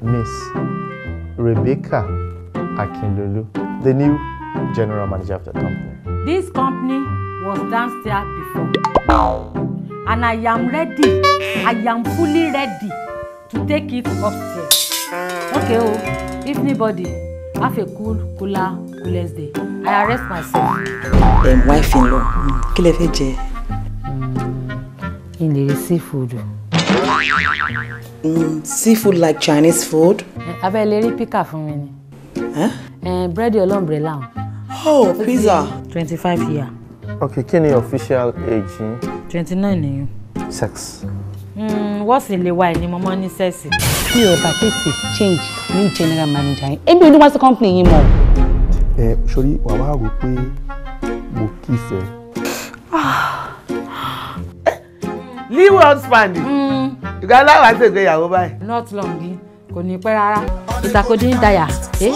Miss Rebecca Akinlulu, the new general manager of the company. This company was downstairs before. And I am ready. I am fully ready to take it upstairs. Okay, oh, if anybody have a cool, cooler, coolest day, I arrest myself. Then wife-in-law, kí lẹ fẹ́ In the receive food. Mm, seafood like Chinese food. Eh, abẹ́ lè rí píkà fún mi ni. Eh? Eh, búrẹ́dì ọlọ́mbrẹ̀ làwọn. Oh, pizza. Twenty five year. Okay, kí ni official age yín? Twenty nine nìyẹn. Sex. Mm, Wọ́ọ̀sì lè wa ẹni mọ́mọ́ ní sẹ́ẹ̀sì. Mi ò bá tètè change ní general manager yín. Ebi oníwá sí company yín mọ̀. Ẹ sori wà wá rò pé mo kì í fẹ́. Ah. Leeway husband. Mm ìgbà láwa ṣègbéyàwó báyìí. not long yìí eh? kò ní pẹ́ rárá ìsàkódì ń dayà eh?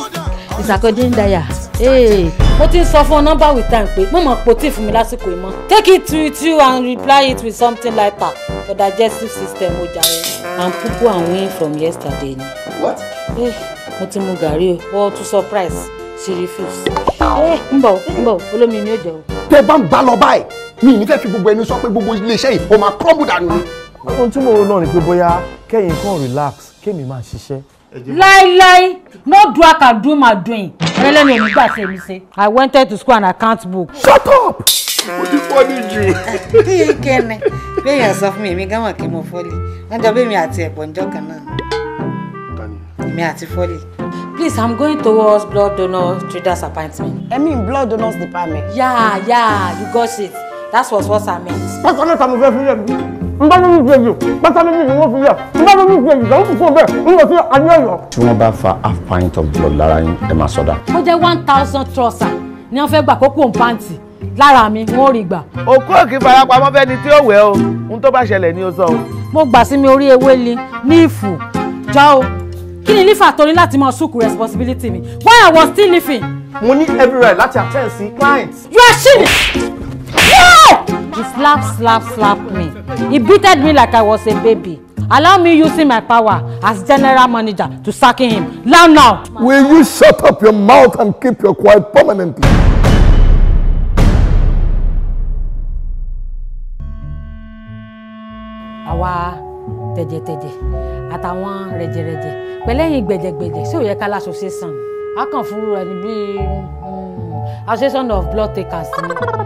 ìsàkódì ń dayà eh, mo ti ń sọ fún number with time pé mo mọ̀ pò tí fún mi lásìkò ìmọ̀ take it to you and reply it with something lighter for digestive system o jàre and pupu and win from yesterday ni. what. mo ti mu gàrí o all to surprise she refuse. ń bọ̀ ń bọ̀ olómi ni ó jẹ́ o. tẹ bá ń gbá lọ báyìí mi ì ní fẹ́ fi gbogbo ẹni sọ pé gbogbo iléeṣẹ́ yìí ó máa crumble dànù ni ohun tí mo náà ni pé bóyá kẹ́yìn kan relax kémi máa ṣiṣẹ́. láíláí no do I can do my doing ọlẹ́lẹ́nu ò ní gbà sí mi ṣe. I wanted to school and account book. shut up mo ti fọ́lì jù. kíyè kẹ́ni bẹ́ẹ̀ sọ fún mi èmi gánwà kí mo fọ́lì wọ́n jọ bẹ́ẹ̀ mi àti ẹ̀pọ̀ ǹjọ́ kan náà èmi àti fọ́lì. Please, I'm going towards blood donor traders appointment. I mean blood donors department. Yeah, yeah, you got it. That was what I meant. Pásítọ̀ mẹ́ta mo fẹ́ fún yẹn nbá ló ní ìfẹ́ yìí pátá méjì ni wọ́n fi yà nbá ló ní ìfẹ́ yìí lọ́wọ́ fún bẹ́ẹ̀ ń lọ sí àníyànjọ. tí wọ́n bá fa half pint of blood lára yín ẹ máa sọdá. ó jẹ́ one thousand trọ́sà ni wọ́n fẹ́ gbà kókó pàǹtì lára mi wọ́n rí gbà. òkú òkè farapamọ́ fẹ́ni tí ó wẹ̀ o ohun tó bá ṣẹlẹ̀ ni ó sọ o. mo gbà sí mi orí ewé li ní ìfù já o kí ni lífà torí láti máa sùkú responsibility mi why I was still living. mo ní every right láti attend sí clients. you are shitting. He slapped, slapped, slapped me. He beated me like I was a baby. Allow me using my power as general manager to sack him. Now, now. Will you shut up your mouth and keep your quiet permanently? Àwa tẹ̀jẹ̀tẹ̀jẹ̀ àtàwọn rẹ̀jẹ̀rẹ̀jẹ̀ pẹ̀lẹ́yìn gbẹ̀jẹ̀gbẹ̀jẹ̀ sí òye ká l'association. A kàn fún rẹ̀ ní bíi hmm, association of blood takers